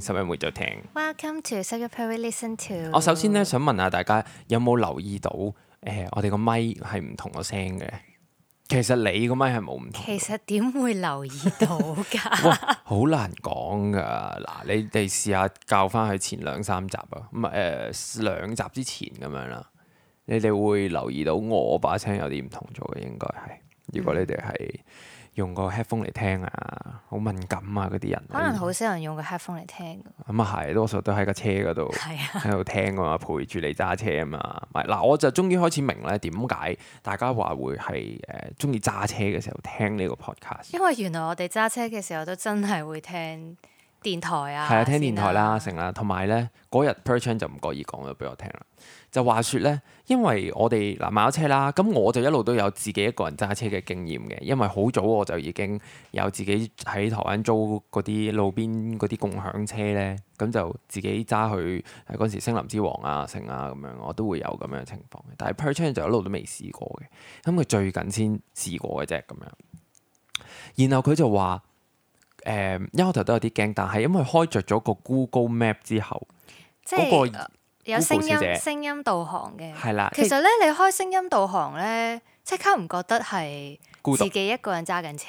拾壹每週聽。Welcome to 十一月派。Listen to。我首先咧想問下大家有冇留意到，誒、呃，我哋個咪係唔同個聲嘅。其實你個咪係冇唔同。其實點會留意到噶？好 難講噶。嗱，你哋試下較返去前兩三集啊，唔係誒兩集之前咁樣啦。你哋會留意到我把聲有啲唔同咗嘅，應該係。如果你哋係。嗯用個 headphone 嚟聽啊，好敏感啊嗰啲人。可能好少人用個 headphone 嚟聽。咁啊係，多數都喺個車嗰度，喺度 聽啊嘛，陪住你揸車啊嘛。嗱，我就終於開始明咧點解大家話會係誒鍾意揸車嘅時候聽呢個 podcast。因為原來我哋揸車嘅時候都真係會聽電台啊，啊，聽電台啦、啊，成啦、啊。同埋咧嗰日 Perchan 就唔覺意講咗俾我聽啦。就話説呢，因為我哋嗱、啊、買咗車啦，咁我就一路都有自己一個人揸車嘅經驗嘅，因為好早我就已經有自己喺台灣租嗰啲路邊嗰啲共享車呢，咁就自己揸去嗰時森林之王啊、城啊咁樣，我都會有咁樣情況嘅。但係 Perchan 就一路都未試過嘅，咁佢最近先試過嘅啫咁樣。然後佢就話：誒、呃，一開頭都有啲驚，但係因為開着咗個 Google Map 之後，即係、嗰個。有聲音聲音導航嘅，係啦。其實咧，你開聲音導航咧，即刻唔覺得係自己一個人揸緊車，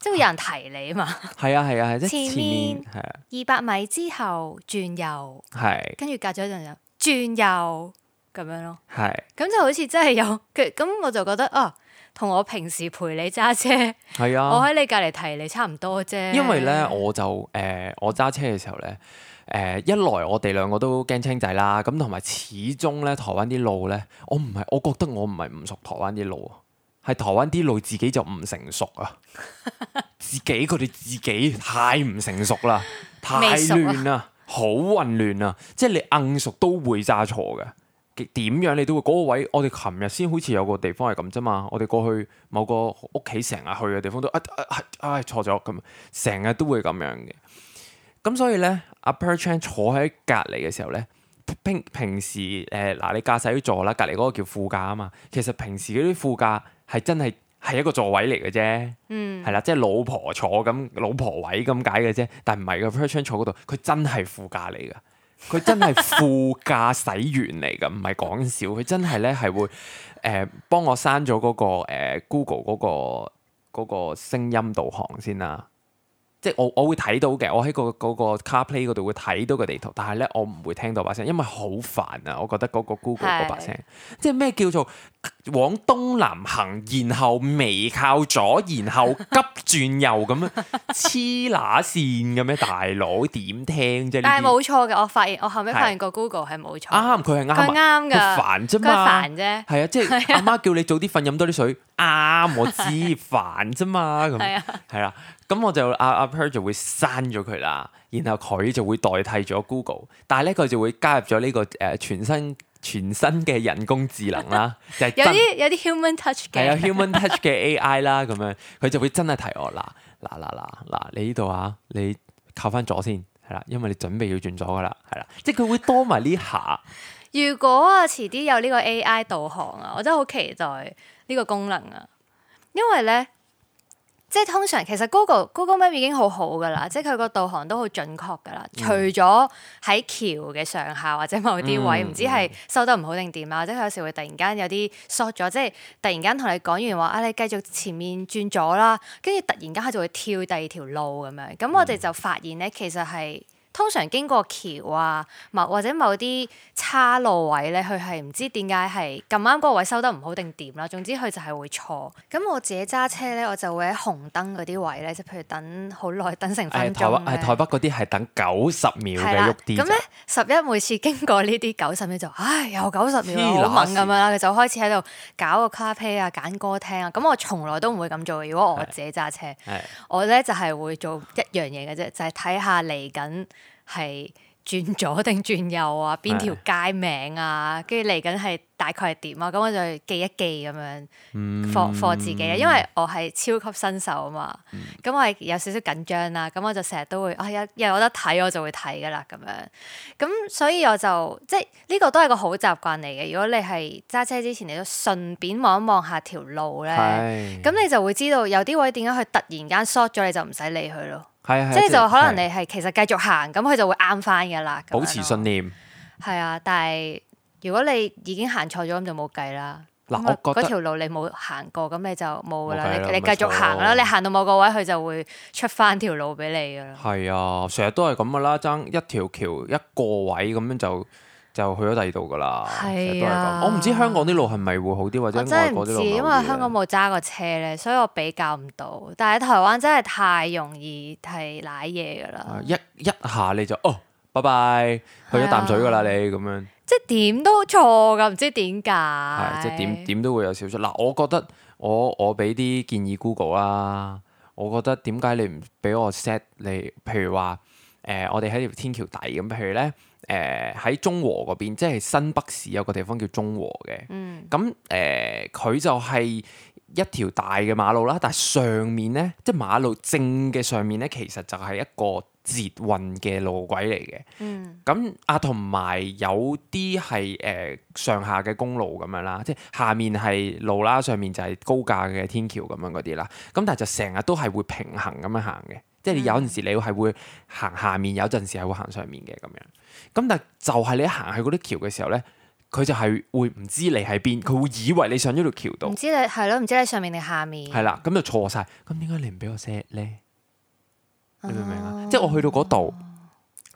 即係會有人提你啊嘛。係啊係啊，前面係啊，二百米之後轉右，係，跟住隔咗一陣又轉右咁樣咯。係，咁就好似真係有佢，咁我就覺得哦，同我平時陪你揸車，係啊，我喺你隔籬提你差唔多啫。因為咧，我就誒，我揸車嘅時候咧。誒一來我哋兩個都驚青仔啦，咁同埋始終咧，台灣啲路咧，我唔係我覺得我唔係唔熟台灣啲路啊，係台灣啲路自己就唔成熟啊， 自己佢哋自己太唔成熟啦，太亂啦，熟好混亂啊！即係你硬熟都會揸錯嘅，點樣你都會嗰、那個位。我哋琴日先好似有個地方係咁啫嘛，我哋過去某個屋企成日去嘅地方都啊啊係唉錯咗咁，成日都會咁樣嘅。咁所以咧，阿 Perchan 坐喺隔籬嘅時候咧，平平時，誒嗱、呃，你駕駛座啦，隔籬嗰個叫副駕啊嘛。其實平時嗰啲副駕係真係係一個座位嚟嘅啫，係啦、嗯，即係、就是、老婆坐咁老婆位咁解嘅啫。但係唔係嘅，阿 Perchan 坐嗰度，佢真係副駕嚟噶，佢真係副駕駛員嚟噶，唔係講笑，佢真係咧係會，誒幫、呃、我刪咗嗰個誒、呃、Google 嗰、那個嗰、那個聲音導航先啦。即係我我會睇到嘅，我喺個嗰個 CarPlay 嗰度會睇到個地圖，但係咧我唔會聽到把聲，因為好煩啊！我覺得嗰個 Google 嗰把聲，即係咩叫做往東南行，然後微靠左，然後急轉右咁樣黐乸線咁樣？大佬點聽啫？但係冇錯嘅，我發現我後尾發現個 Google 係冇錯。啱，佢係啱，佢啱嘅，煩啫嘛，佢煩啫。係啊，即係阿媽叫你早啲瞓，飲多啲水。啱，我知，煩啫嘛，咁係啊，咁我就阿阿 Per 就會刪咗佢啦，然後佢就會代替咗 Google，但係咧佢就會加入咗呢、這個誒、呃、全新全新嘅人工智能啦，就係、是、 有啲有啲 human touch，係啊 human touch 嘅 AI 啦，咁樣佢就會真係提我啦，嗱嗱嗱嗱，你呢度啊，你靠翻左先，係啦，因為你準備要轉左噶啦，係啦，即係佢會多埋呢下。 如果啊，遲啲有呢個 AI 導航啊，我真係好期待呢個功能啊，因為咧。即係通常其實 Google Google Map 已經好好噶啦，即係佢個導航都好準確噶啦。嗯、除咗喺橋嘅上下或者某啲位唔、嗯、知係收得唔好定點啊，或者佢有時會突然間有啲 short 咗，即係突然間同你講完話啊，你繼續前面轉左啦，跟住突然間佢就會跳第二條路咁樣。咁我哋就發現咧，嗯、其實係。通常經過橋啊，或者某啲叉路位咧，佢係唔知點解係咁啱嗰個位收得唔好定點啦。總之佢就係會錯。咁我自己揸車咧，我就會喺紅燈嗰啲位咧，即譬如等好耐，等成分鐘嘅、哎。台北嗰啲係等九十秒嘅喐啲。係啦、啊。咁咧，拾壹每次經過呢啲九十秒就唉又九十秒，我諗咁樣啦，就開始喺度搞個 CarPlay 啊、揀歌聽啊。咁我從來都唔會咁做嘅。如果我自己揸車，我咧就係、是、會做一樣嘢嘅啫，就係、是、睇下嚟緊。係轉左定轉右啊？邊條街名啊？跟住嚟緊係大概係點啊？咁我就記一記咁樣，放放、嗯、自己。啊，因為我係超級新手啊嘛，咁、嗯、我係有少少緊張啦。咁我就成日都會，啊、哎、又有得睇我就會睇噶啦咁樣。咁所以我就即係呢、這個都係個好習慣嚟嘅。如果你係揸車之前，你都順便望一望下條路咧，咁是的 你就會知道有啲位點解佢突然間 short 咗，你就唔使理佢咯。即係是就的可能你係的其實繼續行，咁佢的就會啱翻噶啦。保持信念。係啊，但係如果你已經行錯咗，咁就冇計啦。嗱喇，因為 我嗰條路你冇行過，咁你就冇噶啦。你繼的你繼續行啦，你行到某個位，佢就會出翻條路俾你噶啦。係啊，成日都係咁噶啦，爭一條橋一個位咁樣就。就去咗第二度噶啦，係啊！我唔知香港啲路係咪會好啲，或者外國啲路。我真唔知，因為香港冇揸過車咧，所以我比較唔到。但喺台灣真係太容易係瀨嘢噶啦！一一,一下你就哦，拜拜，去咗淡水噶啦、啊、你咁樣，即係點都錯噶，唔知點解。係、啊、即係點點都會有少少。嗱、啊，我覺得我我俾啲建議 Google 啦，我覺得點解你唔俾我 set 你？譬如話誒、呃，我哋喺條天橋底咁，譬如咧。誒喺、呃、中和嗰邊，即係新北市有個地方叫中和嘅。嗯、嗯，咁誒佢就係一條大嘅馬路啦，但係上面咧，即係馬路正嘅上面咧，其實就係一個捷運嘅路軌嚟嘅。嗯，咁啊，同埋有啲係誒上下嘅公路咁樣啦，即係下面係路啦，上面就係高架嘅天橋咁樣嗰啲啦。咁但係就成日都係會平衡咁樣行嘅，即係你有陣時你會係會行下面，有陣時係會行上面嘅咁樣。咁但係就係你行去嗰啲橋嘅時候咧，佢就係會唔知你喺邊，佢會以為你上咗條橋度。唔知你係咯，唔知你上面定下面。係啦，咁就錯晒。咁點解你唔俾我 set 咧？你明唔明啊？哦，即係我去到嗰度，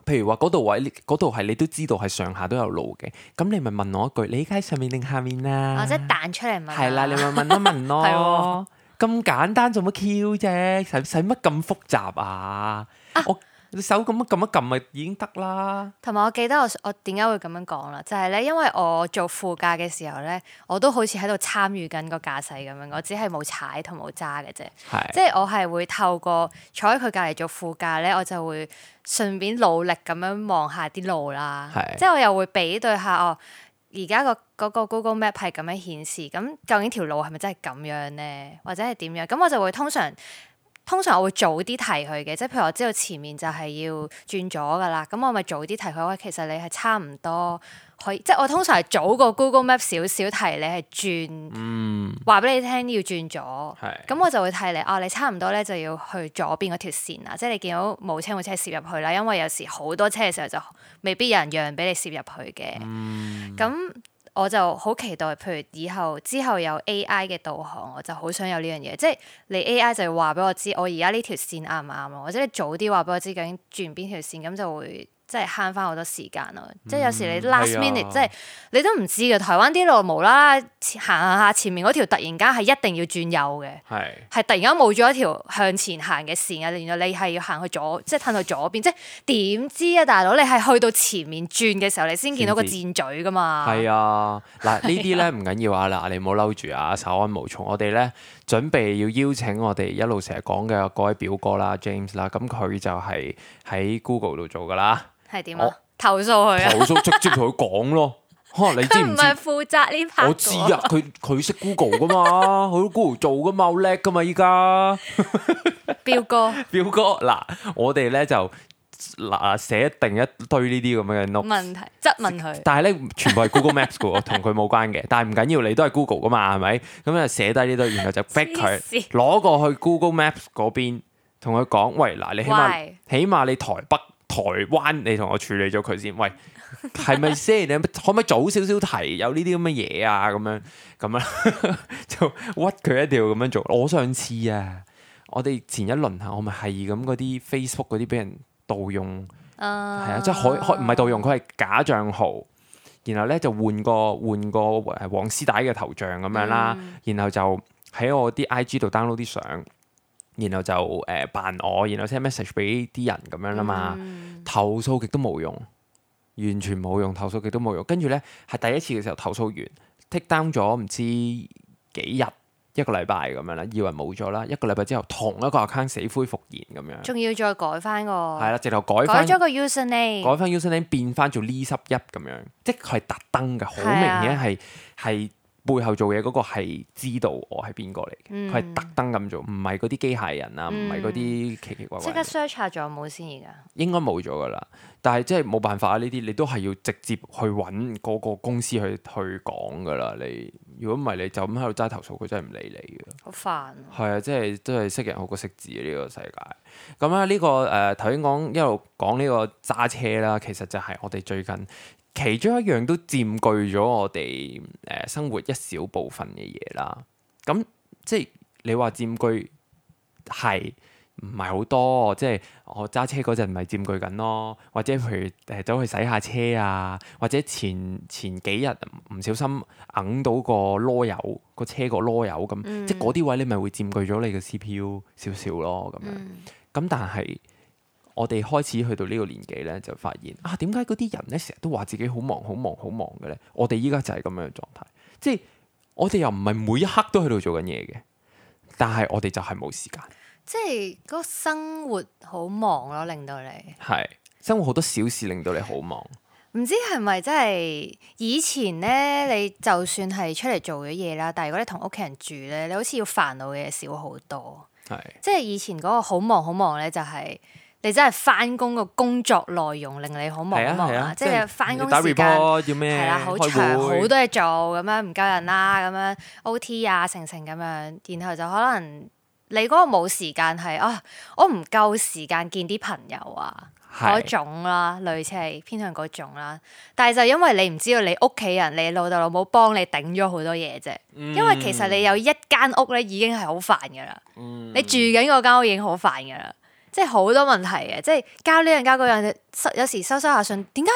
譬如話嗰度位，度係你都知道係上下都有路嘅。咁你咪問我一句，你依家喺上面定下面啊？或者彈出嚟問。係啦，你咪問一問咯。咁簡單做乜 Q 啫？使使乜咁複雜啊？啊我。你手咁樣撳一撳，咪已經得啦。同埋，我記得我我點解會咁樣講啦？就係、係、咧，因為我做副駕嘅時候咧，我都好似喺度參與緊個駕駛咁樣，我只係冇踩同冇揸嘅啫。是即係我係會透過坐喺佢隔離做副駕咧，我就會順便努力咁樣望下啲路啦。是即係我又會比對下哦，而家、嗰個、嗰個、Google Map 係咁樣顯示，咁究竟條路係咪真係咁樣咧？或者係點樣？咁我就會通常。通常我會早啲提佢嘅，即係譬如我知道前面就係要轉左噶啦，咁我咪早啲提佢。我其實你係差唔多可以，即係我通常係早過 Google Map 少少提你係轉，話俾、嗯、你聽要轉左。咁是我就會提你，哦、啊，你差唔多咧就要去左邊嗰條線啦，即係你見到冇車冇車攝入去啦，因為有時好多車嘅時候就未必有人讓俾你攝入去嘅。咁、嗯我就好期待，譬如以後之後有 A I 嘅導航，我就好想有呢樣嘢。即係你 A I 就要話俾我知，我而家呢條線啱唔啱啊，或者你早啲話俾我知究竟轉邊條線，咁就會。即係慳翻好多時間咯！嗯、即係有時你 last minute、啊、即係你都唔知嘅。台灣啲路無啦啦行下下前面嗰條，突然間係一定要轉右嘅，係係是突然間冇咗一條向前行嘅線啊！原來你係要行去左，即係褪去左邊，即係點知啊大佬？你係去到前面轉嘅時候，你先見到個箭嘴噶嘛？啊啊係啊！嗱，呢啲咧唔緊要啊！嗱，你唔好嬲住啊！稍安無躁，我哋咧準備要邀請我哋一路成日講嘅各位表哥啦，James 啦，咁佢就係喺 Google 度做噶啦。係點啊？投訴佢啊！投訴直接同佢講咯。吓，你知唔知？唔係負責呢 part。我知啊，佢佢識 Google 噶嘛，佢 Google 做噶嘛好叻噶嘛，依家表哥。表哥嗱，我哋咧就嗱寫一定一堆呢啲咁樣嘅 note。問題，質問佢。但係咧，全部係 Google Maps 嘅，同佢冇關嘅。但係唔緊要，你都係 Google 噶嘛，係咪？咁啊，寫低呢堆，然後就逼佢攞過去 Google Maps 嗰邊，同佢講：喂，嗱，你起碼起碼你台北。台灣，你同我處理咗佢先。喂，係咪先？你可唔可以早少少提有呢啲咁嘅嘢啊？咁樣咁樣，咁樣 就屈佢一定要咁樣做。我上次啊，我哋前一輪啊，我咪係咁嗰啲 Facebook 嗰啲俾人盜用，係、uh, 啊，即係可唔係盜用，佢係假賬號。然後咧就換個換個黃絲帶嘅頭像咁樣啦，um, 然後就喺我啲 IG 度 download 啲相。然後就誒、呃、扮我，然後 send message 俾啲人咁樣啦嘛，嗯、投訴極都冇用，完全冇用，投訴極都冇用。跟住呢，係第一次嘅時候投訴完，take down 咗唔知幾日一個禮拜咁樣啦，以為冇咗啦。一個禮拜之後同一個 account 死灰復燃咁樣，仲要再改翻個，係啦，直頭改改個 user name，改翻 user name 變翻做李拾壹咁樣，即係特登嘅，好明顯係係。背後做嘢嗰個係知道我係邊個嚟嘅，佢係特登咁做，唔係嗰啲機械人啊，唔係嗰啲奇奇怪怪。即刻 search 下仲有冇先而家。應該冇咗噶啦，但係即係冇辦法啊！呢啲你都係要直接去搵個個公司去去講噶啦。你如果唔係，你就咁喺度齋投訴，佢真係唔理你嘅。好煩。係啊，即係都係識人好過識字呢個世界。咁啊，呢個誒頭先講一路講呢個揸車啦，其實就係我哋最近。其中一樣都佔據咗我哋誒生活一小部分嘅嘢啦，咁即係你話佔據係唔係好多？即係我揸車嗰陣咪佔據緊咯，或者譬如、呃、走去洗下車啊，或者前前幾日唔小心挵到個囉柚，個車個囉柚咁，即係嗰啲位你咪會佔據咗你嘅 CPU 少少咯，咁樣、嗯。咁但係。我哋開始去到呢個年紀咧，就發現啊，點解嗰啲人咧成日都話自己好忙、好忙、好忙嘅咧？我哋依家就係咁樣嘅狀態，即係我哋又唔係每一刻都喺度做緊嘢嘅，但係我哋就係冇時間，即係嗰個生活好忙咯，令到你係生活好多小事令到你好忙，唔知係咪真係以前咧？你就算係出嚟做咗嘢啦，但係如果你同屋企人住咧，你好似要煩惱嘅嘢少好多，係，即係以前嗰個好忙好忙咧，就係。你真係翻工個工作內容令你好忙啊！啊即係翻工時間係啦，好、啊、長，好會多嘢做咁樣、啊、樣，唔夠人啦，咁樣 OT 啊，成成咁樣，然後就可能你嗰個冇時間係啊，我唔夠時間見啲朋友啊，嗰是種啦，類似係偏向嗰種啦。但係就因為你唔知道你屋企人，你老豆老母幫你頂咗好多嘢啫。嗯、因為其實你有一間屋咧，已經係好煩噶啦。你住緊嗰間屋已經好煩噶啦。嗯即係好多問題嘅，即係交呢樣交嗰樣，有時收收下信，點解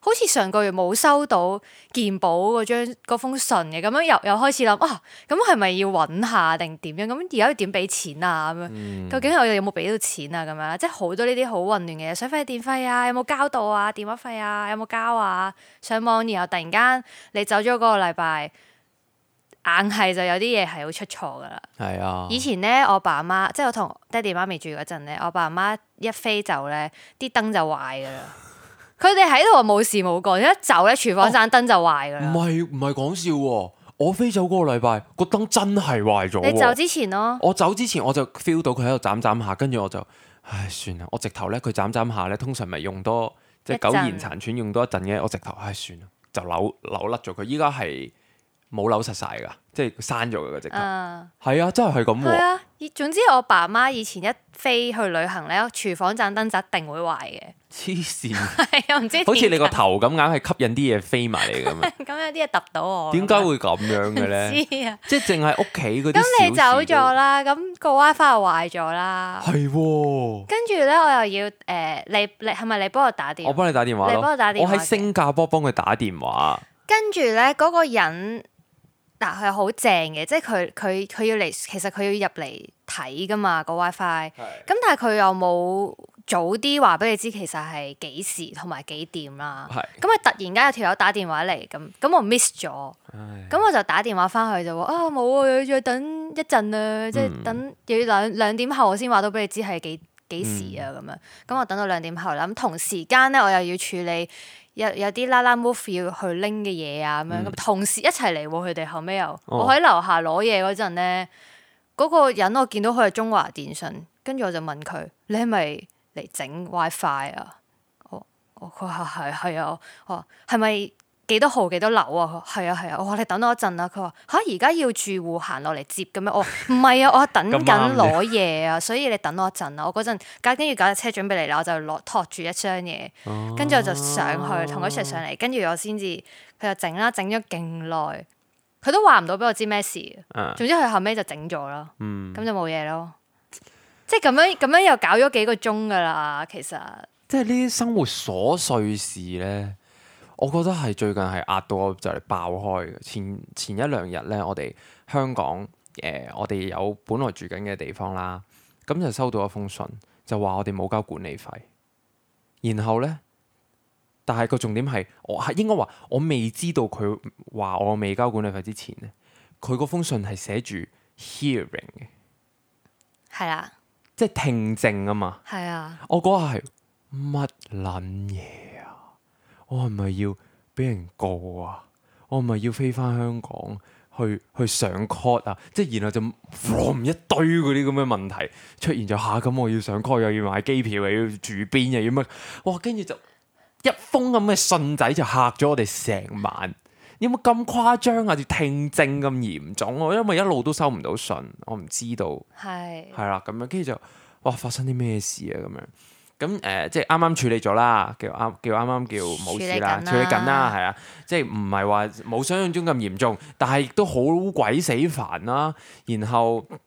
好似上個月冇收到健保嗰張嗰封信嘅？咁樣又又開始諗啊，咁係咪要揾下定點樣？咁而家要點俾錢啊？咁樣、嗯、究竟我哋有冇俾到錢啊？咁樣即係好多呢啲好混亂嘅嘢，水費電費啊，有冇交到啊？電話費啊，有冇交啊？上網然後突然間你走咗嗰個禮拜。硬係就有啲嘢係好出錯噶啦。係是啊，以前咧我爸阿媽，即係我同爹哋媽咪住嗰陣咧，我爸阿媽一飛走咧，啲燈就壞噶啦。佢哋喺度冇事冇幹，一走咧廚房盞燈就壞噶啦。唔係唔係講笑喎，我飛走嗰個禮拜個燈真係壞咗。你走之前咯，我走之前我就 feel 到佢喺度斬斬下，跟住我就唉算啦，我直頭咧佢斬斬下咧，通常咪用多即係苟延殘喘，喘用多一陣嘅，我直頭唉算啦，就扭扭甩咗佢，依家係。冇扭實晒㗎，即係生咗嘅直隻。係啊，真係係咁喎。啊，總之我爸媽以前一飛去旅行咧，廚房盞燈就一定會壞嘅。黐線，係又唔知。好似你個頭咁硬，係吸引啲嘢飛埋嚟㗎嘛？咁 有啲嘢揼到我。點解會咁樣嘅咧？ 知啊道、嗯，即係淨係屋企嗰啲。咁你走咗啦，咁、嗰個 WiFi 又壞咗啦。係喎。跟住咧，我又要誒、呃，你你係咪你幫我打電話？我幫你打電話。你幫我打電我喺新加坡幫佢打電話 跟呢。跟住咧，嗰個人。嗱，佢又好，啊、正嘅，即係佢佢佢要嚟，其實佢要入嚟睇噶嘛個 WiFi，咁是的 但係佢又冇早啲話俾你知，其實係幾時同埋幾點啦。咁啊，突然間有條友打電話嚟，咁咁我 miss 咗，咁是的 我就打電話翻去就話，啊冇啊，要等一陣啊。嗯即，即係等要兩兩點後我先話到俾你知係幾幾時啊，咁、嗯、樣。咁我等到兩點後啦，咁同時間咧我又要處理。有有啲啦啦 move 要去拎嘅嘢啊咁樣。咁、嗯、同時一齊嚟喎佢哋，後尾又，哦、我喺樓下攞嘢嗰陣咧，嗰、嗰個人我見到佢係中華電信，跟住我就問佢：你係咪嚟整 WiFi 啊？哦哦，佢話係，係啊，我話係咪？是幾多號幾多樓啊？係啊係啊！我話、啊、你等我一陣啊！佢話吓而家要住戶行落嚟接嘅咩？我唔係啊，我等緊攞嘢啊，所以你等我一陣啊！我嗰陣家跟住搞架車準備嚟啦，我就攞托住一箱嘢，跟住我就上去同佢一齊上嚟，跟住我先至佢就整啦，整咗勁耐，佢都話唔到俾我知咩事。總之佢後尾就整咗咯，咁、嗯、就冇嘢咯。即係咁樣咁樣又搞咗幾個鐘噶啦，其實即係呢啲生活瑣碎事咧。我覺得係最近係壓到我就嚟爆開前。前前一兩日咧，我哋香港誒、呃，我哋有本來住緊嘅地方啦，咁、嗯、就收到一封信，就話我哋冇交管理費。然後咧，但係個重點係，我係應該話我未知道佢話我未交管理費之前咧，佢嗰封信係寫住 hearing 嘅，係啦、啊，即係聽證啊嘛。係啊，我嗰下係乜撚嘢？我係咪要俾人告啊？我係咪要飛翻香港去去上 court 啊？即係然後就放一堆嗰啲咁嘅問題出現咗。吓、啊、咁，我要上 court 又、啊、要買機票又、啊、要住邊又、啊、要乜哇？跟住就一封咁嘅信仔就嚇咗我哋成晚。有冇咁誇張啊？似聽證咁嚴重啊？因為一路都收唔到信，我唔知道。係係啦，咁樣跟住就哇，發生啲咩事啊？咁樣。咁誒、呃，即係啱啱處理咗啦，叫啱叫啱啱叫冇事啦，處理緊啦，係啊，即係唔係話冇想象中咁嚴重，但係亦都好鬼死煩啦、啊。然後誒、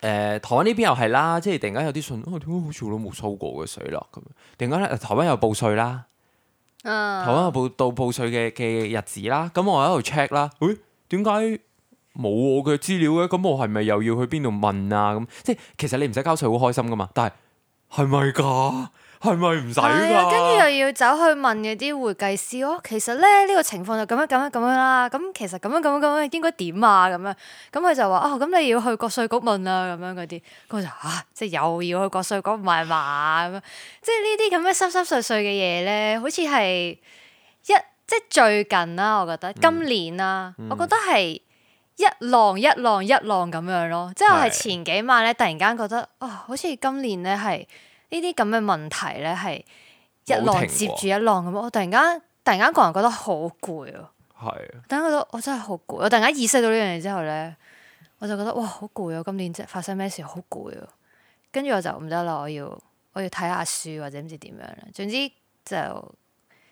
呃，台灣呢邊又係啦，即係突然間有啲信，哦點解好似我都冇收過嘅水啦咁。突然間咧，台灣又報稅啦，uh. 台灣又報到報稅嘅嘅日子啦。咁我喺度 check 啦，誒點解冇我嘅資料嘅？咁我係咪又要去邊度問啊？咁即係其實你唔使交稅好開心噶嘛，但係。係咪噶？係咪唔使噶？跟住又要走去問嗰啲會計師咯、哦。其實咧呢個情況就咁樣咁樣咁樣啦。咁其實咁樣咁樣咁樣應該點啊？咁樣咁佢就話哦，咁你要去國稅局問啊。咁樣嗰啲，咁我就啊，即係又要去國稅局問下咁樣。即係呢啲咁樣濕濕碎碎嘅嘢咧，好似係一即係最近啦。我覺得今年啦，嗯嗯、我覺得係。一浪一浪一浪咁樣咯，即係我係前幾晚咧，突然間覺得啊是、哦，好似今年咧係呢啲咁嘅問題咧係一浪接住一浪咁，我突然間突然間個人覺得好攰啊，係，突然覺得我真係好攰，我突然間意識到呢樣嘢之後咧，我就覺得哇好攰啊，今年即係發生咩事好攰啊，跟住我就唔得啦，我要我要睇下書或者唔知點樣啦，總之就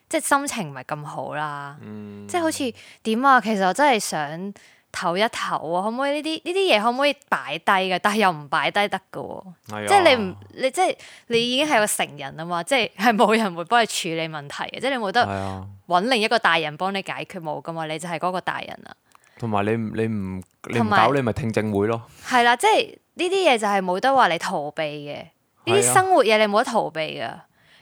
即係心情唔係咁好啦，嗯、即係好似點啊，其實我真係想,想。唞一唞啊，可唔可以呢啲呢啲嘢可唔可以擺低㗎？但係又唔擺低得㗎，哎、呦即係你唔你，你即係你已經係個成人啊嘛，即係係冇人會幫你處理問題嘅，即係你冇得揾另一個大人幫你解決冇㗎嘛，你就係嗰個大人啊。同埋你你唔你唔搞有你咪聽證會咯，係啦，即係呢啲嘢就係冇得話你逃避嘅，呢啲生活嘢你冇得逃避㗎。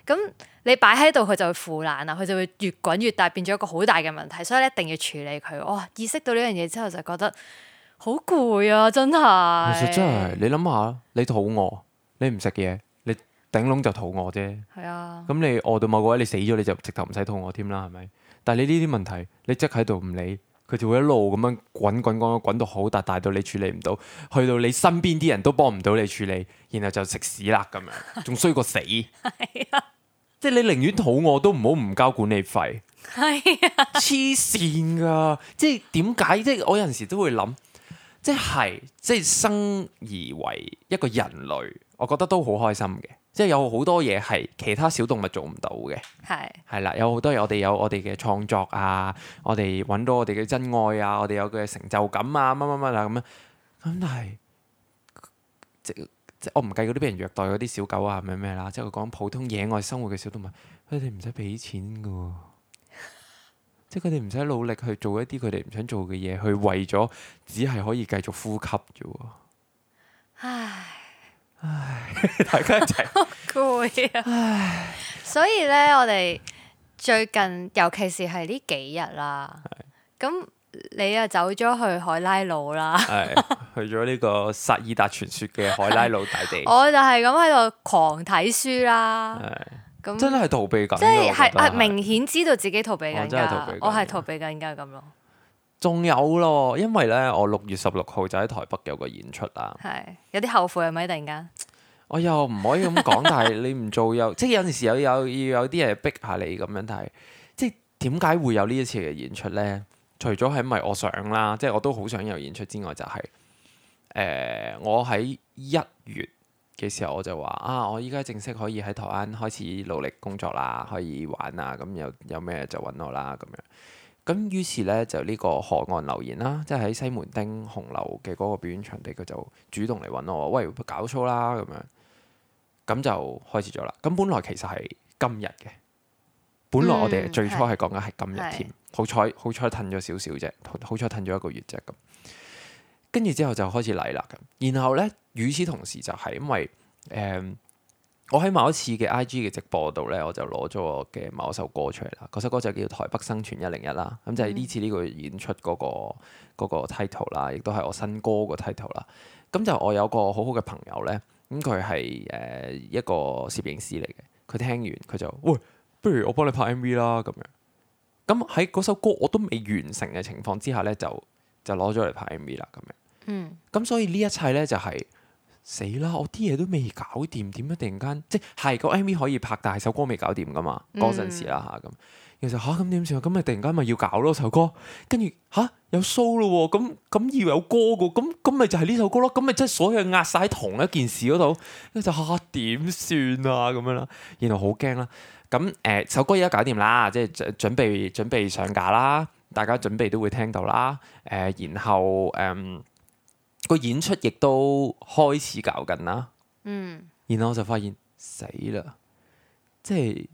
咁你擺喺度佢就會腐爛啦，佢就會越滾越大，變咗一個好大嘅問題，所以你一定要處理佢。哇、哦，意識到呢樣嘢之後就覺得好攰啊，真係。其實真係，你諗下，你肚餓，你唔食嘢，你頂籠就肚餓啫。係啊。咁你餓到某個位，你死咗你就直頭唔使肚餓添啦，係咪？但係你呢啲問題，你即喺度唔理，佢就會一路咁樣滾滾滾滾到好大，大到你處理唔到，去到你身邊啲人都幫唔到你處理，然後就食屎啦咁樣，仲衰過死。 即係你寧願肚餓都唔好唔交管理費，係黐線噶！即係點解？即係我有陣時都會諗，即係即係生而為一個人類，我覺得都好開心嘅。即係有好多嘢係其他小動物做唔到嘅，係係啦，有好多嘢，我哋有我哋嘅創作啊，我哋搵到我哋嘅真愛啊，我哋有佢嘅成就感啊，乜乜乜啊咁啊，咁但係即我唔計嗰啲俾人虐待嗰啲小狗啊，咩咩啦，即係佢講普通野外生活嘅小動物，佢哋唔使俾錢噶， 即係佢哋唔使努力去做一啲佢哋唔想做嘅嘢，去為咗只係可以繼續呼吸啫。唉唉，唉 大家一齊 好攰啊！唉，所以咧，我哋最近尤其是係呢幾日啦，咁。你啊走咗去海拉魯啦、哎，係去咗呢個薩爾達傳說嘅海拉魯大地。 我就係咁喺度狂睇書啦，係咁、哎、那真係逃避緊，即係係係明顯知道自己逃避緊，我真係逃避緊，我係逃避緊應該咁咯。仲有咯，因為咧，我六月十六號就喺台北有個演出啦，係 有啲後悔係咪突然間？我又唔可以咁講， 但係你唔做又即係有陣時有有要有啲嘢逼下你咁樣睇，即係點解會有呢一次嘅演出咧？除咗係咪我想啦，即係我都好想有演出之外、就是，就係誒，我喺一月嘅時候我就話啊，我依家正式可以喺台灣開始努力工作啦，可以玩啊，咁有有咩就揾我啦咁樣。咁於是呢，就呢個河岸留言啦，即係喺西門町紅樓嘅嗰個表演場地，佢就主動嚟揾我，喂，搞錯啦咁樣。咁就開始咗啦。咁本來其實係今日嘅。本來我哋最初係講緊係今日添，嗯、好彩好彩褪咗少少啫，好彩褪咗一個月啫咁。跟住之後就開始嚟啦咁。然後咧，與此同時就係因為誒、呃，我喺某一次嘅 I G 嘅直播度咧，我就攞咗我嘅某一首歌出嚟啦。嗰首歌就叫《台北生存一零一》啦。咁就係呢次呢個演出嗰、嗰個 title 啦，亦都係我新歌個 title 啦。咁就我有個好好嘅朋友咧，咁佢係誒一個攝影師嚟嘅。佢聽完佢就喂。不如我幫你拍 MV 啦，咁樣，咁喺嗰首歌我都未完成嘅情況之下呢，就就攞咗嚟拍 MV 啦，咁樣，嗯，咁所以呢一切呢，就係死啦，我啲嘢都未搞掂，點解突然間即係、個 MV 可以拍，但首歌未搞掂噶嘛？嗰陣時啦吓咁，其實吓咁點算啊？咁咪、啊、突然間咪要搞咯首歌，跟住吓有 show 咯、啊，咁咁以為有歌個，咁咁咪就係呢首歌咯，咁咪即係所有人壓晒喺同一件事嗰度，跟住就吓點、啊、算啊？咁樣啦，然後好驚啦。咁誒首歌而家搞掂啦，即係準準備準備上架啦，大家準備都會聽到啦。誒，然後誒個演出亦都開始搞緊啦。嗯，嗯然後我就發現死啦，即係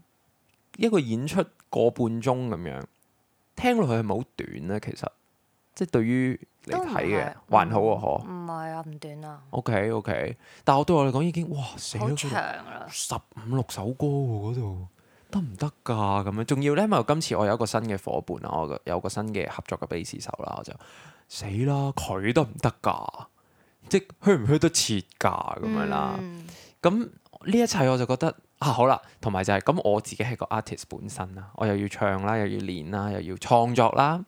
一個演出個半鐘咁樣，聽落去係咪好短咧？其實，即係對於你睇嘅還好是吧啊，嗬。唔係啊，唔短啊。OK，OK，但係我對我嚟講已經哇死咗，長啦，十五六首歌喎嗰度。得唔得噶？咁樣仲要咧，咪又今次有我有一個新嘅伙伴啦，我有個新嘅合作嘅 base 手啦，我就死啦！佢都唔得噶，即係去唔去都切噶咁樣啦。咁呢一切我就覺得啊，好啦，同埋就係、是、咁，我自己係個 artist 本身啊，我又要唱啦，又要練啦，又要創作啦。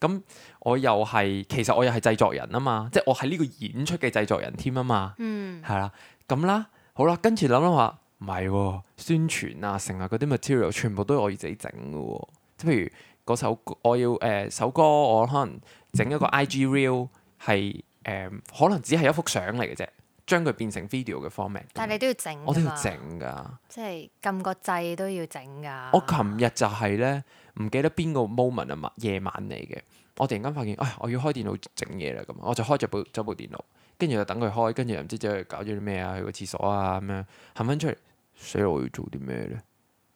咁我又係，嗯嗯、其實我又係製作人啊嘛，即係我係呢個演出嘅製作人添啊嘛。嗯，係啦，咁啦，好啦，跟住諗諗話。唔係喎，宣傳啊，成日嗰啲 material 全部都我、啊、我要自己整嘅喎，即譬如嗰首我要誒首歌，我可能整一個 IG reel 係誒、呃，可能只係一幅相嚟嘅啫，將佢變成 video 嘅 format。但係你都要整，我都要整㗎，即係撳個掣都要整㗎。我琴日就係呢，唔記得邊個 moment 啊，係、晚夜晚嚟嘅。我突然間發現，唉、哎，我要開電腦整嘢啦，咁我就開咗部走部電腦，跟住就等佢開，跟住又唔知走去搞咗啲咩啊，去個廁所啊咁樣，行翻出嚟，衰我要做啲咩咧？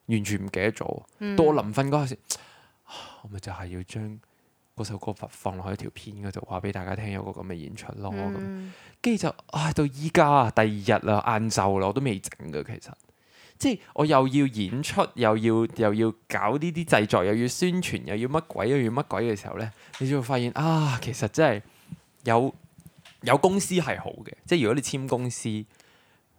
完全唔記得咗。到我臨瞓嗰陣時，我咪就係要將嗰首歌放落去條片嗰度，話俾大家聽有個咁嘅演出咯，跟住、嗯、就，唉、哎，到依家第二日啦，晏晝啦，我都未整噶，其實。即係我又要演出，又要又要搞呢啲製作，又要宣傳，又要乜鬼，又要乜鬼嘅時候呢，你就會發現啊，其實真係有有公司係好嘅，即係如果你簽公司去，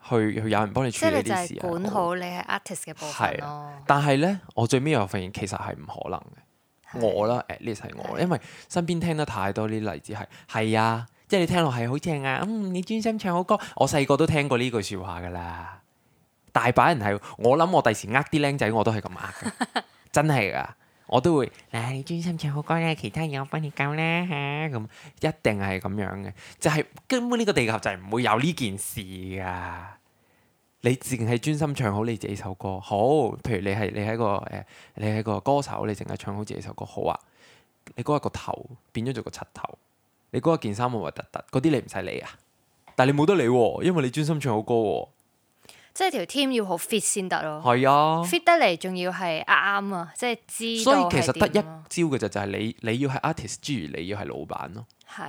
去有人幫你處理啲事，管好你係 artist 嘅部分、哦啊、但係呢，我最尾又發現其實係唔可能嘅。的我啦，at least 係我，的因為身邊聽得太多啲例子係係啊，即係你聽落係好正啊，嗯，你專心唱好歌。我細個都聽過呢句説話㗎啦。大把人係，我諗我第時呃啲僆仔，我都係咁呃嘅， 真係噶，我都會嗱、啊、你專心唱好歌咧，其他嘢我幫你救啦吓，咁、嗯、一定係咁樣嘅，就係、是、根本呢個地球就係唔會有呢件事噶。你淨係專心唱好你自己首歌好，譬如你係你係個誒，你係個歌手，你淨係唱好自己首歌好啊。你嗰個頭變咗做個柒頭，你嗰件衫污污突突，嗰啲你唔使理啊。但係你冇得理、哦，因為你專心唱好歌、哦。即係條 team 要好 fit 先得咯，係啊，fit 得嚟仲要係啱啊！即係知，所以其實得一招嘅就就係你你要係 artist 之餘，你要係老闆咯。係。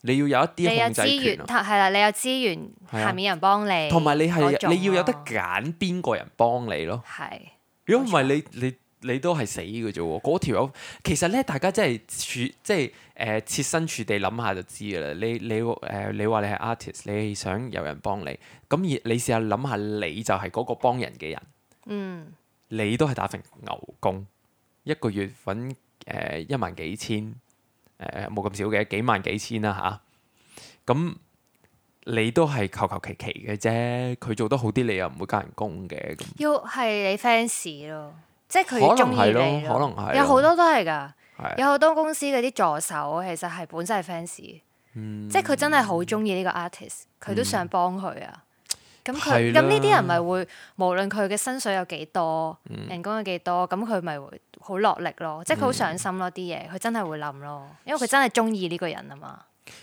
你要有一啲控制權。係啦，你有資源、啊啊、資源下面有人幫你，同埋你係、啊、你要有得揀邊個人幫你咯。係。如果唔係你你。你都係死嘅啫喎，嗰條友其實咧，大家真係處即係誒設身處地諗下就知嘅啦。你你誒、呃、你話你係 artist，你係想有人幫你，咁而你試下諗下，你就係嗰個幫人嘅人，嗯，你都係打份牛工，一個月揾誒、呃、一萬幾千，誒冇咁少嘅幾萬幾千啦、啊、吓？咁你都係求求其其嘅啫，佢做得好啲，你又唔會加人工嘅。要係你 fans 咯。即係佢中意你，可能可能有好多都係㗎，的有好多公司嗰啲助手其實係本身係 fans、嗯、即係佢真係好中意呢個 artist，佢都想幫佢啊。咁佢咁呢啲人咪會無論佢嘅薪水有幾多，嗯、人工有幾多，咁佢咪會好落力咯，嗯、即係佢好上心咯啲嘢，佢真係會諗咯，因為佢真係中意呢個人啊嘛。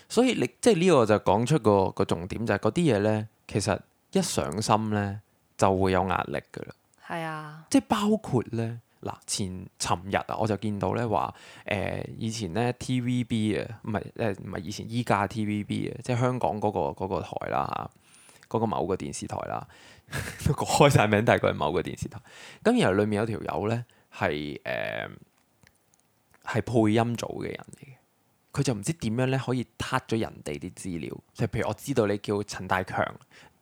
所以你即係呢個就講出個個重點就係嗰啲嘢咧，其實一上心咧就會有壓力㗎啦。係啊，即係包括咧，嗱，前尋日啊，我就見到咧話，誒、呃，以前咧 TVB 啊，唔係，誒、呃，唔係以前依家 TVB 啊，TV B, 即係香港嗰、那個嗰、那個台啦吓，嗰、啊那個某個電視台啦， 都改晒名，但係佢係某個電視台。咁然係裏面有條友咧，係誒，係、呃、配音組嘅人嚟嘅，佢就唔知點樣咧可以 c 咗人哋啲資料，即係譬如我知道你叫陳大強。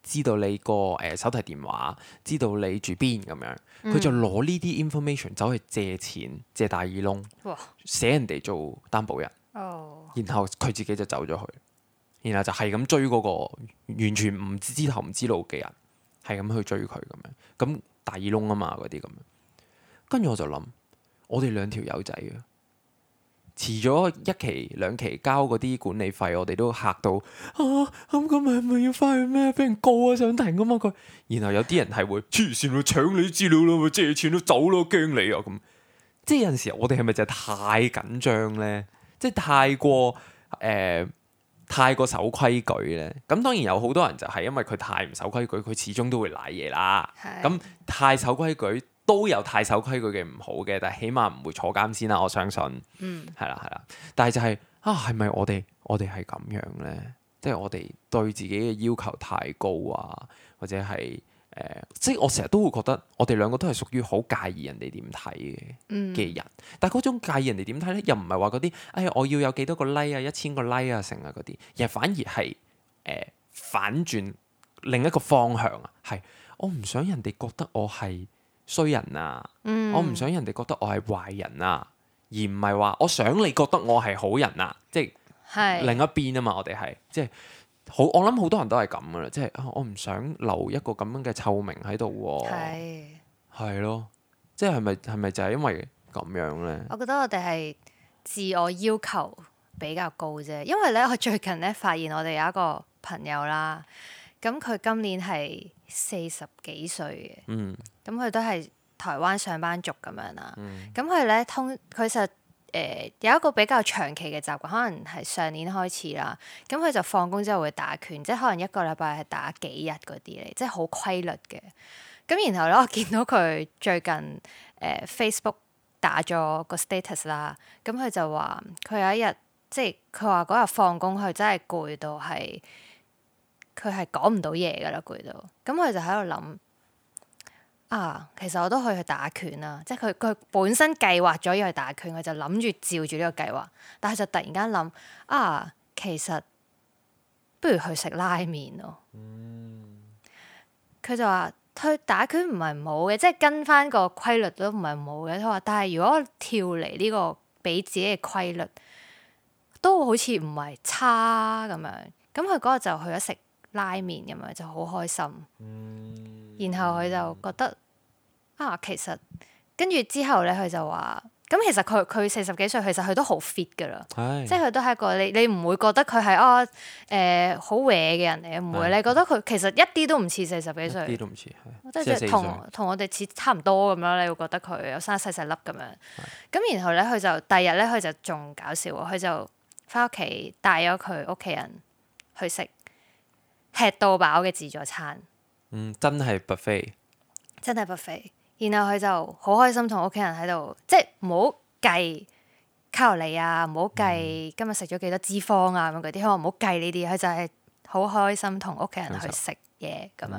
知道你個誒手提電話，知道你住邊咁樣，佢就攞呢啲 information 走去借錢，借大耳窿，寫人哋做擔保人，然後佢自己就走咗去，然後就係咁追嗰個完全唔知頭唔知路嘅人，係咁去追佢咁樣，咁大耳窿啊嘛嗰啲咁樣，跟住我就諗，我哋兩條友仔遲咗一期兩期交嗰啲管理費，我哋都嚇到啊！咁咁係咪要翻去咩？俾人告啊！上庭啊嘛佢。然後有啲人係會黐線， 去搶你啲資料咯，借錢都走咯，驚你啊！咁即係有陣時，我哋係咪就係太緊張咧？即係太過誒、呃，太過守規矩咧。咁當然有好多人就係因為佢太唔守規矩，佢始終都會瀨嘢啦。咁是的 太守規矩。都有太守規矩嘅唔好嘅，但係起碼唔會坐監先啦。我相信，嗯，係啦，係啦。但係就係、是、啊，係咪我哋我哋係咁樣咧？即、就、係、是、我哋對自己嘅要求太高啊，或者係誒、即、呃、係、就是、我成日都會覺得我哋兩個都係屬於好介意人哋點睇嘅嘅人。嗯、但係嗰種介意人哋點睇咧，又唔係話嗰啲，哎，我要有幾多個 like 啊，一千個 like 啊，成啊嗰啲，而係反而係誒、呃、反轉另一個方向啊，係我唔想人哋覺得我係。衰人啊！嗯、我唔想人哋覺得我係壞人啊，而唔係話我想你覺得我係好人啊，即係另一邊啊嘛，我哋係是即係好，我諗好多人都係咁㗎啦，即係我唔想留一個咁樣嘅臭名喺度喎，係係是咯，即係係咪係咪就係因為咁樣呢？我覺得我哋係自我要求比較高啫，因為呢，我最近呢發現我哋有一個朋友啦。咁佢今年係四十幾歲嘅，咁佢、嗯、都係台灣上班族咁樣啦。咁佢咧通佢實誒有一個比較長期嘅習慣，可能係上年開始啦。咁佢就放工之後會打拳，即、就、係、是、可能一個禮拜係打幾日嗰啲嚟，即係好規律嘅。咁然後咧，我見到佢最近誒、呃、Facebook 打咗個 status 啦，咁佢就話佢有一日即係佢話嗰日放工佢真係攰到係。佢係講唔到嘢噶啦，攰到，咁佢就喺度諗啊，其實我都可以去打拳啦，即係佢佢本身計劃咗要去打拳，佢就諗住照住呢個計劃，但係就突然間諗啊，其實不如去食拉麵咯。佢、嗯、就話，佢打拳唔係唔好嘅，即係跟翻個規律都唔係唔好嘅。佢話，但係如果我跳離呢個俾自己嘅規律，都好似唔係差咁樣。咁佢嗰日就去咗食。拉麵咁樣就好開心，嗯、然後佢就覺得啊，其實跟住之後咧，佢就話咁其實佢佢四十幾歲，其實佢都好 fit 噶啦，是即係佢都係一個你你唔會覺得佢係啊誒好嘢嘅人嚟，嘅。唔會你覺得佢其實一啲都唔似四十幾歲，一啲都唔似，即係同同我哋似差唔多咁樣。你會覺得佢有生細細粒咁樣咁，是然後咧佢就第日咧佢就仲搞笑，佢就返屋企帶咗佢屋企人去食。食到飽嘅自助餐，嗯，真係 buffet，真係 buffet。然後佢就好開心同屋企人喺度，即係唔好計卡路里啊，唔好計今日食咗幾多脂肪啊，咁嗰啲，可能唔好計呢啲。佢就係好開心同屋企人去食嘢咁樣，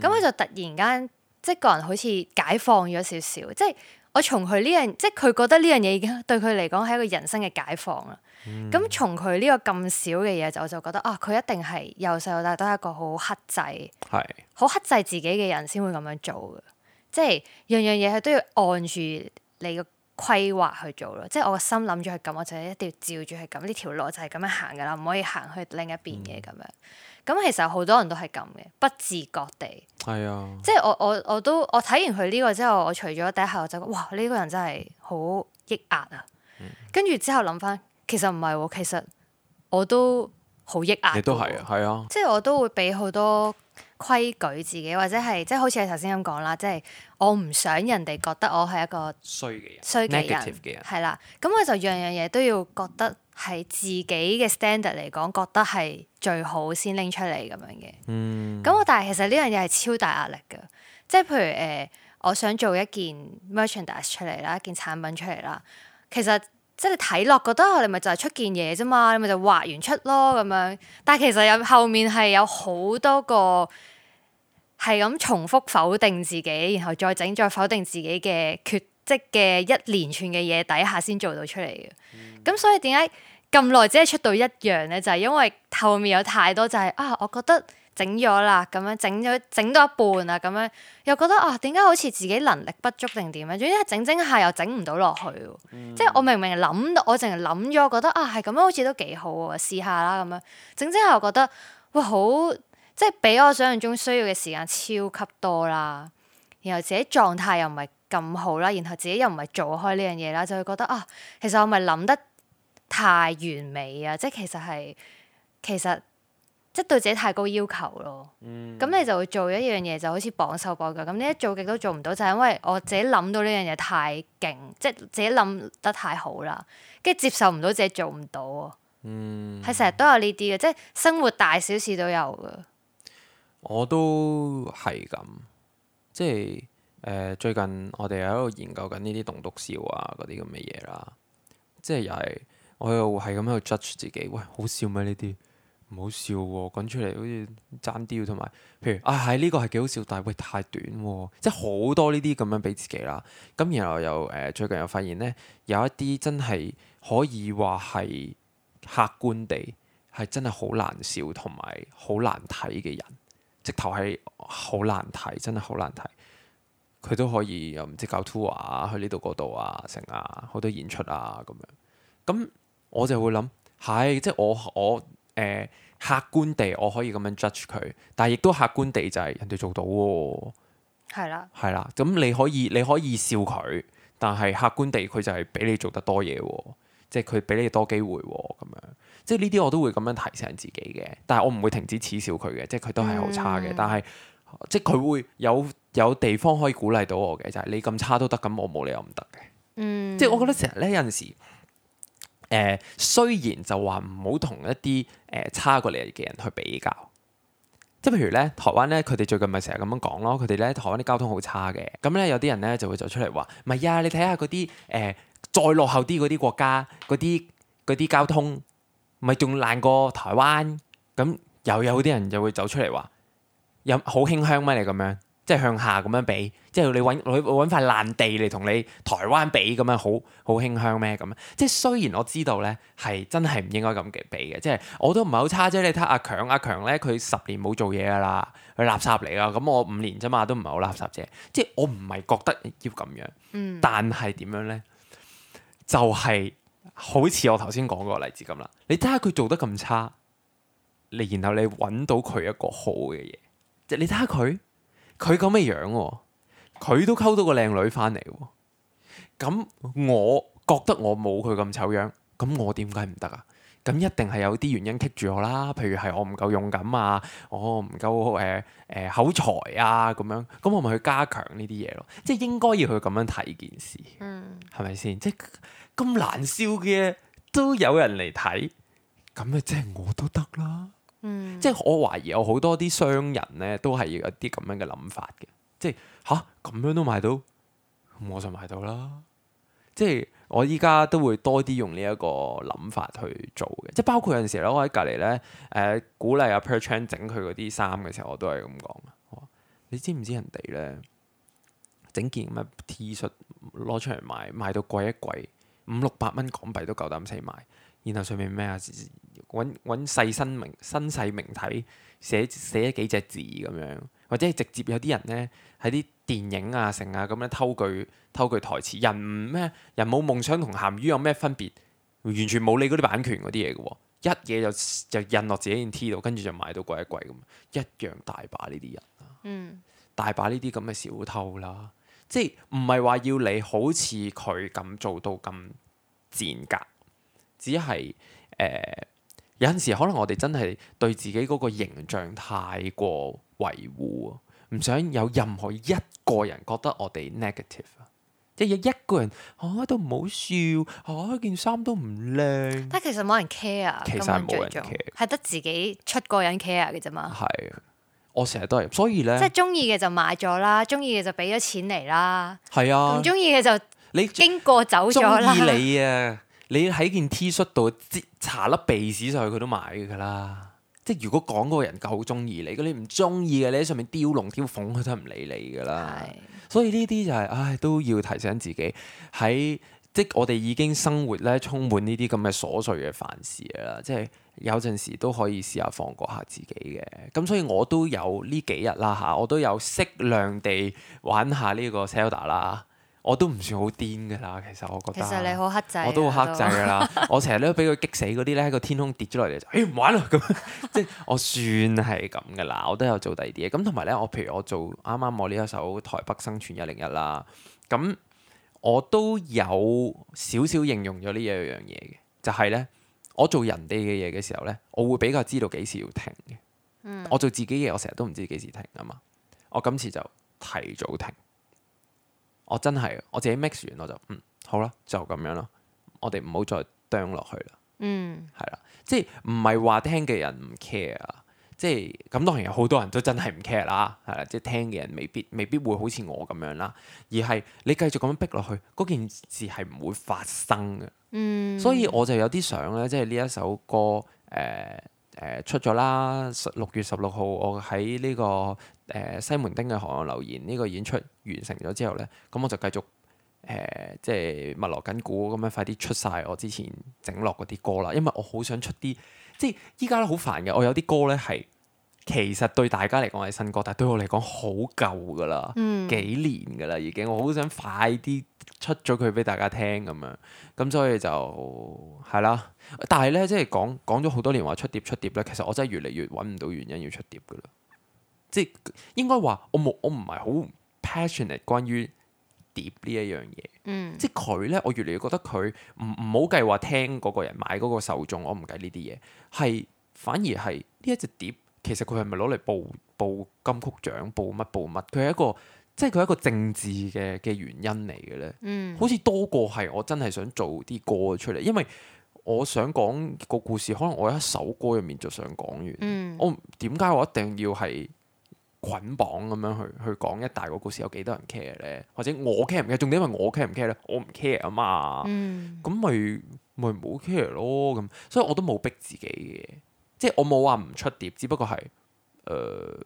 咁佢、嗯、就突然間即係個人好似解放咗少少，即係。我從佢呢樣，即係佢覺得呢樣嘢已經對佢嚟講係一個人生嘅解放啦。咁、嗯、從佢呢個咁少嘅嘢就我就覺得啊，佢一定係由細到大都係一個好克制，係好是克制自己嘅人先會咁樣做嘅。即係樣樣嘢佢都要按住你個規劃去做咯。即係我個心諗住係咁，我就一定要照住係咁。呢條路就係咁樣行噶啦，唔可以行去另一邊嘅咁樣。嗯咁其實好多人都係咁嘅，不自覺地，係啊，即係我我我都我睇完佢呢個之後，我除咗第一下我就覺得哇呢個人真係好抑壓啊，跟住、嗯、之後諗翻其實唔係喎，其實我都好抑壓，你都係啊，係啊，即係我都會俾好多。規矩自己，或者係即係好似你頭先咁講啦，即係我唔想人哋覺得我係一個衰嘅人，衰嘅人係啦。咁我就樣樣嘢都要覺得係自己嘅 standard 嚟講，覺得係最好先拎出嚟咁樣嘅。嗯。咁我但係其實呢樣嘢係超大壓力㗎。即係譬如誒、呃，我想做一件 merchandise 出嚟啦，一件產品出嚟啦。其實即係你睇落覺得，我哋咪就係出件嘢啫嘛，你咪就畫完出咯咁樣。但係其實有後面係有好多個。係咁重複否定自己，然後再整再否定自己嘅缺職嘅一連串嘅嘢底下先做到出嚟嘅。咁所以點解咁耐只係出到一樣咧？就係因為後面有太多就係啊，我覺得整咗啦，咁樣整咗整到一半啊，咁樣又覺得啊，點解好似自己能力不足定點樣？總之係整整下又整唔到落去，即係我明明諗到，我淨係諗咗覺得啊，係咁樣好似都幾好喎，試下啦咁樣。整整下又覺得哇好～即係比我想象中需要嘅時間超級多啦，然後自己狀態又唔係咁好啦，然後自己又唔係做開呢樣嘢啦，就會覺得啊，其實我咪諗得太完美啊！即係其實係其實即係對自己太高要求咯。嗯。咁你就會做一樣嘢就好似綁手綁腳咁，你一做極都做唔到，就係、是、因為就係因為我自己諗到呢樣嘢太勁，即係自己諗得太好啦，跟住接受唔到自己做唔到啊。嗯。係成日都有呢啲嘅，即係生活大小事都有噶。我都係咁，即係誒、呃，最近我哋喺度研究緊呢啲棟篤笑啊，嗰啲咁嘅嘢啦，即係又係我又係咁喺度 judge 自己，喂，好笑咩？呢啲唔好笑喎，啊，講出嚟，好似爭啲，同埋譬如啊，喺、哎、呢、呢個係幾好笑，但係喂太短喎，啊，即係好多呢啲咁樣俾自己啦。咁然後又誒、呃，最近又發現呢，有一啲真係可以話係客觀地係真係好難笑同埋好難睇嘅人。直頭係好難睇，真係好難睇。佢都可以又唔知搞 tour 啊，去呢度嗰度啊，成啊，好多演出啊咁樣。咁我就會諗，係、哎、即係我我誒、呃、客觀地我可以咁樣 judge 佢，但係亦都客觀地就係人哋做到、啊。係啦，係啦。咁你可以你可以笑佢，但係客觀地佢就係比你做得多嘢、啊，即係佢比你多機會咁、啊、樣。即係呢啲，我都會咁樣提醒自己嘅。但係我唔會停止恥笑佢嘅，即係佢都係好差嘅。嗯、但係即係佢會有有地方可以鼓勵到我嘅，就係、是、你咁差都得，咁我冇理由唔得嘅。嗯、即係我覺得成日咧有陣時，誒、呃、雖然就話唔好同一啲誒、呃、差過嚟嘅人去比較，即係譬如咧台灣咧，佢哋最近咪成日咁樣講咯。佢哋咧台灣啲交通好差嘅，咁咧有啲人咧就會就出嚟話唔係呀。你睇下嗰啲誒再落後啲嗰啲國家嗰啲嗰啲交通。咪仲爛過台灣咁，又有啲人就會走出嚟話，有好馨香咩？你咁樣，即係向下咁樣比，即係你揾揾塊爛地嚟同你台灣比咁樣，好好馨香咩？咁即係雖然我知道呢係真係唔應該咁嘅比嘅，即係我都唔係好差啫。你睇阿強，阿強呢，佢十年冇做嘢噶啦，佢垃圾嚟啦。咁我五年啫嘛，都唔係好垃圾啫。即係我唔係覺得要咁樣，但係點樣呢？就係、是。好似我頭先講個例子咁啦，你睇下佢做得咁差，你然後你揾到佢一個好嘅嘢，即係你睇下佢，佢咁嘅樣喎，佢都溝到個靚女翻嚟喎。咁我覺得我冇佢咁醜樣，咁我點解唔得啊？咁一定係有啲原因棘住我啦。譬如係我唔夠勇敢啊，我唔夠誒誒、呃、口才啊咁樣。咁我咪去加強呢啲嘢咯。即係應該要去咁樣睇件事，係咪先？即咁難笑嘅都有人嚟睇，咁咪即係我都得啦。嗯、即係我懷疑有好多啲商人呢，都係有啲咁樣嘅諗法嘅。即係吓，咁樣都買到，我就買到啦。即係我依家都會多啲用呢一個諗法去做嘅。即係包括有陣時咧，我喺隔籬呢，誒、呃、鼓勵阿 Perchan 整佢嗰啲衫嘅時候，我都係咁講。你知唔知人哋呢，整件乜 T 恤攞出嚟賣，賣到貴一貴？五六百蚊港幣都夠膽死賣，然後上面咩啊？揾揾細明體新細明體寫寫幾隻字咁樣，或者係直接有啲人呢喺啲電影啊成啊咁樣，偷句偷句台詞，人唔咩？人冇夢想同鹹魚有咩分別？完全冇理嗰啲版權嗰啲嘢嘅喎，一嘢就就印落自己張 T 度，跟住就賣到貴一貴咁，一樣大把呢啲人啊，嗯、大把呢啲咁嘅小偷啦～即係唔係話要你好似佢咁做到咁賤格，只係誒、呃、有陣時可能我哋真係對自己嗰個形象太過維護，唔想有任何一個人覺得我哋 negative，即係一個人嚇、啊、都唔好笑，嚇件衫都唔靚。但其實冇人 care，其實係冇人 care，係得自己出個人 care 嘅啫嘛。係。我成日都係，所以咧，即係中意嘅就買咗啦，中意嘅就俾咗錢嚟啦。係啊，唔中意嘅就你經過走咗啦。你啊，你喺件 T 恤度，即係搽粒鼻屎上去，佢都買噶啦。即係如果講嗰個人夠中意你，咁你唔中意嘅你喺上面雕龍雕鳳，佢都唔理你噶啦。係，所以呢啲就係，唉，都要提醒自己喺。即係我哋已經生活咧充滿呢啲咁嘅瑣碎嘅煩事啦，即係有陣時都可以試下放過下自己嘅。咁所以我都有呢幾日啦嚇，我都有適量地玩下呢個薩爾達啦，我都唔算好癲噶啦。其實我覺得其實你好剋制，我都好剋制噶啦。我成日都俾佢激死嗰啲咧，喺個天空跌咗落嚟，就誒唔玩啦咁。即係我算係咁噶啦，我都有做第二啲嘢。咁同埋咧，我譬如我做啱啱我呢一首台北生存101啦，咁。我都有少少應用咗呢一樣嘢嘅，就係、是、呢。我做人哋嘅嘢嘅時候呢，我會比較知道幾時要停嘅。嗯、我做自己嘢，我成日都唔知幾時停啊嘛。我今次就提早停，我真係我自己 mix 完我就嗯好啦，就咁樣咯。我哋唔好再 down 落去啦。嗯，係啦、嗯，即係唔係話聽嘅人唔 care 啊。即係咁，當然有好多人都真係唔 care 啦，係啦，即係聽嘅人未必未必會好似我咁樣啦。而係你繼續咁樣逼落去，嗰件事係唔會發生嘅。嗯、所以我就有啲想咧，即係呢一首歌，誒、呃、誒、呃、出咗啦，六月十六號，我喺呢個誒西門町嘅《河岸留言》呢個演出完成咗之後咧，咁我就繼續誒、呃、即係密鑼緊鼓咁樣快啲出晒我之前整落嗰啲歌啦，因為我好想出啲，即係依家好煩嘅，我有啲歌咧係。其實對大家嚟講係新歌，但係對我嚟講好舊㗎啦，嗯、幾年㗎啦已經。我好想快啲出咗佢俾大家聽咁樣，咁所以就係啦。但係呢，即係講講咗好多年話出碟出碟咧，其實我真係越嚟越揾唔到原因要出碟㗎啦。即係應該話我冇我唔係好 passionate 關於碟呢一樣嘢，嗯、即係佢呢，我越嚟越覺得佢唔唔好計話聽嗰個人買嗰個受眾，我唔計呢啲嘢，係反而係呢一隻碟。其實佢係咪攞嚟報報金曲獎報乜報乜？佢係一個即係佢係一個政治嘅嘅原因嚟嘅咧。嗯，好似多過係我真係想做啲歌出嚟，因為我想講個故事，可能我一首歌入面就想講完。嗯，我點解我一定要係捆綁咁樣去去講一大個故事？有幾多人 care 咧？或者我 care 唔 care？重點係我 care 唔 care 咧？我唔 care 啊嘛。嗯，咁咪咪唔好 care 咯。咁所以我都冇逼自己嘅。即係我冇話唔出碟，只不過係，誒、呃，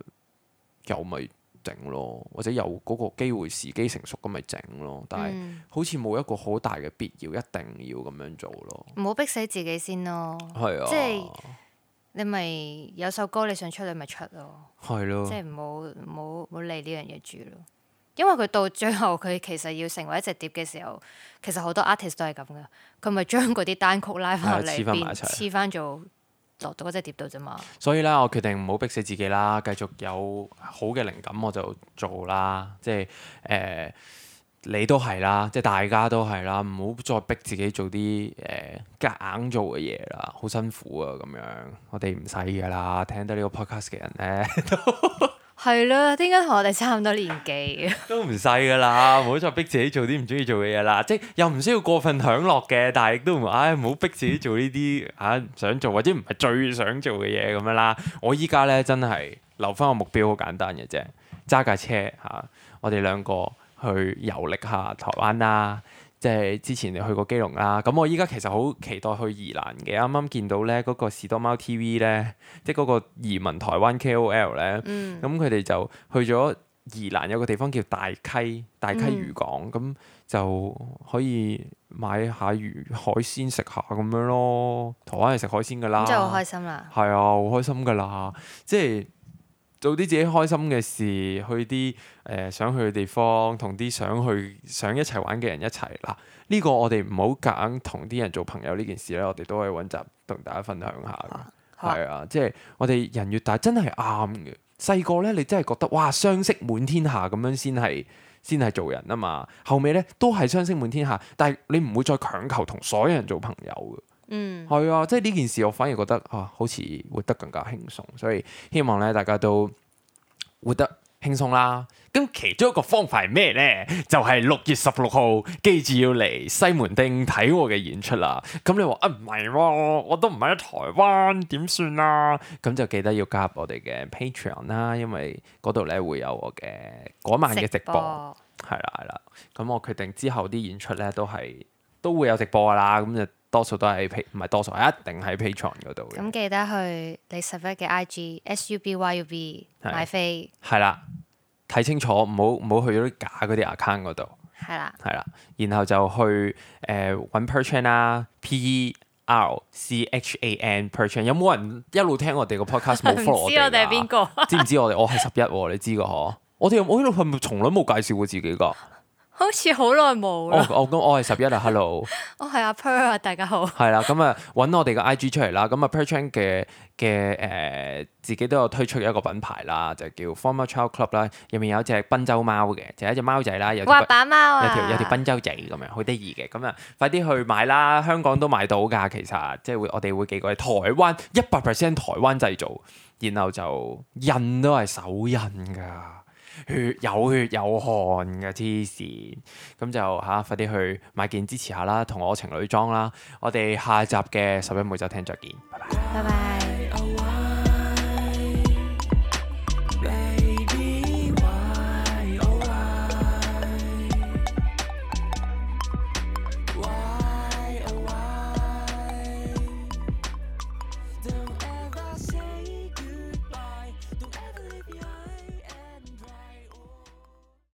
有咪整咯，或者有嗰個機會、時機成熟咁咪整咯。但係好似冇一個好大嘅必要，一定要咁樣做咯。唔好、嗯、逼死自己先咯。係啊，即係你咪有首歌你想出你咪出咯。係咯，即係唔好唔好唔好理呢樣嘢住咯。因為佢到最後佢其實要成為一隻碟嘅時候，其實好多 artist 都係咁噶。佢咪將嗰啲單曲拉翻嚟，黐翻埋一齊，變黐翻做。落咗嗰隻碟度啫嘛，所以咧我決定唔好逼死自己啦，繼續有好嘅靈感我就做啦，即係誒、呃、你都係啦，即係大家都係啦，唔好再逼自己做啲誒夾硬做嘅嘢啦，好辛苦啊咁樣。我哋唔使噶啦，聽得呢個 podcast 嘅人咧。 係咯，點解同我哋差唔多年紀？ 都唔細㗎啦，唔好再逼自己做啲唔中意做嘅嘢啦。即係又唔需要過分享樂嘅，但係亦都唔好，唔、哎、唔好逼自己做呢啲嚇想做或者唔係最想做嘅嘢咁樣啦。我依家咧真係留翻個目標好簡單嘅啫，揸架車嚇、啊，我哋兩個去遊歷下台灣啦。即係之前又去過基隆啦，咁我依家其實好期待去宜蘭嘅。啱啱見到咧嗰個士多貓 TV 咧，即係嗰個移民台灣 KOL 咧，咁佢哋就去咗宜蘭有個地方叫大溪，大溪漁港，咁、嗯、就可以買下魚海鮮食下咁樣咯。台灣係食海鮮㗎啦，真係好開心啦！係啊，好開心㗎啦，即係。做啲自己開心嘅事，去啲誒、呃、想去嘅地方，同啲想去想一齊玩嘅人一齊。嗱，呢、呢個我哋唔好夾硬同啲人做朋友呢件事咧，我哋都可以揾集同大家分享下。係啊，即係、啊就是、我哋人越大真係啱嘅。細個咧你真係覺得哇相識滿天下咁樣先係先係做人啊嘛。後尾咧都係相識滿天下，但係你唔會再強求同所有人做朋友嘅。嗯，係啊，即係呢件事，我反而覺得啊，好似活得更加輕鬆，所以希望咧，大家都活得輕鬆啦。咁其中一個方法係咩呢？就係六月十六號，記住要嚟西門町睇我嘅演出啦。咁你話啊，唔係，我都唔喺台灣，點算啊？咁就記得要加入我哋嘅 Patreon 啦，因為嗰度咧會有我嘅嗰晚嘅直播。係啦係啦，咁我決定之後啲演出咧都係都會有直播噶啦，咁就。多數都係 p 唔係多數一定喺 Patreon 嗰度。咁記得去你拾壹嘅 IG S U B Y U B 是買飛票。係啦，睇清楚，唔好唔好去咗啲假嗰啲 account 嗰度。係啦的，係啦，然後就去誒揾 perchan 啦，P E R C H A N perchan 有冇人一路聽我哋個 podcast？冇 follow 唔知我哋係邊個？知唔知我哋？我係拾壹，你知個嗬？我哋我度係咪從來冇介紹過自己㗎。好似好耐冇啦。我我我係十一啊，Hello。我係阿 Pear 啊，大家好。 係、嗯、啦，咁啊，搵我哋個 IG 出嚟啦。咁、嗯、啊，Pear Chan 嘅嘅誒、呃，自己都有推出一個品牌啦，就叫 Former、er、Child Club 啦。入面有一隻賓州貓嘅，就係、是、一隻貓仔啦。有滑板貓啊，有條賓州仔咁樣，好得意嘅。咁、嗯、啊、嗯，快啲去買啦，香港都買到噶。其實即係會，我哋會寄過嚟。台灣一百 percent 台灣製造，然後就印都係手印噶。血有血有汗嘅黐線，咁就嚇快啲去買件支持下啦，同我情侶裝啦，我哋下一集嘅拾壹每週聽，再見，拜拜，拜拜。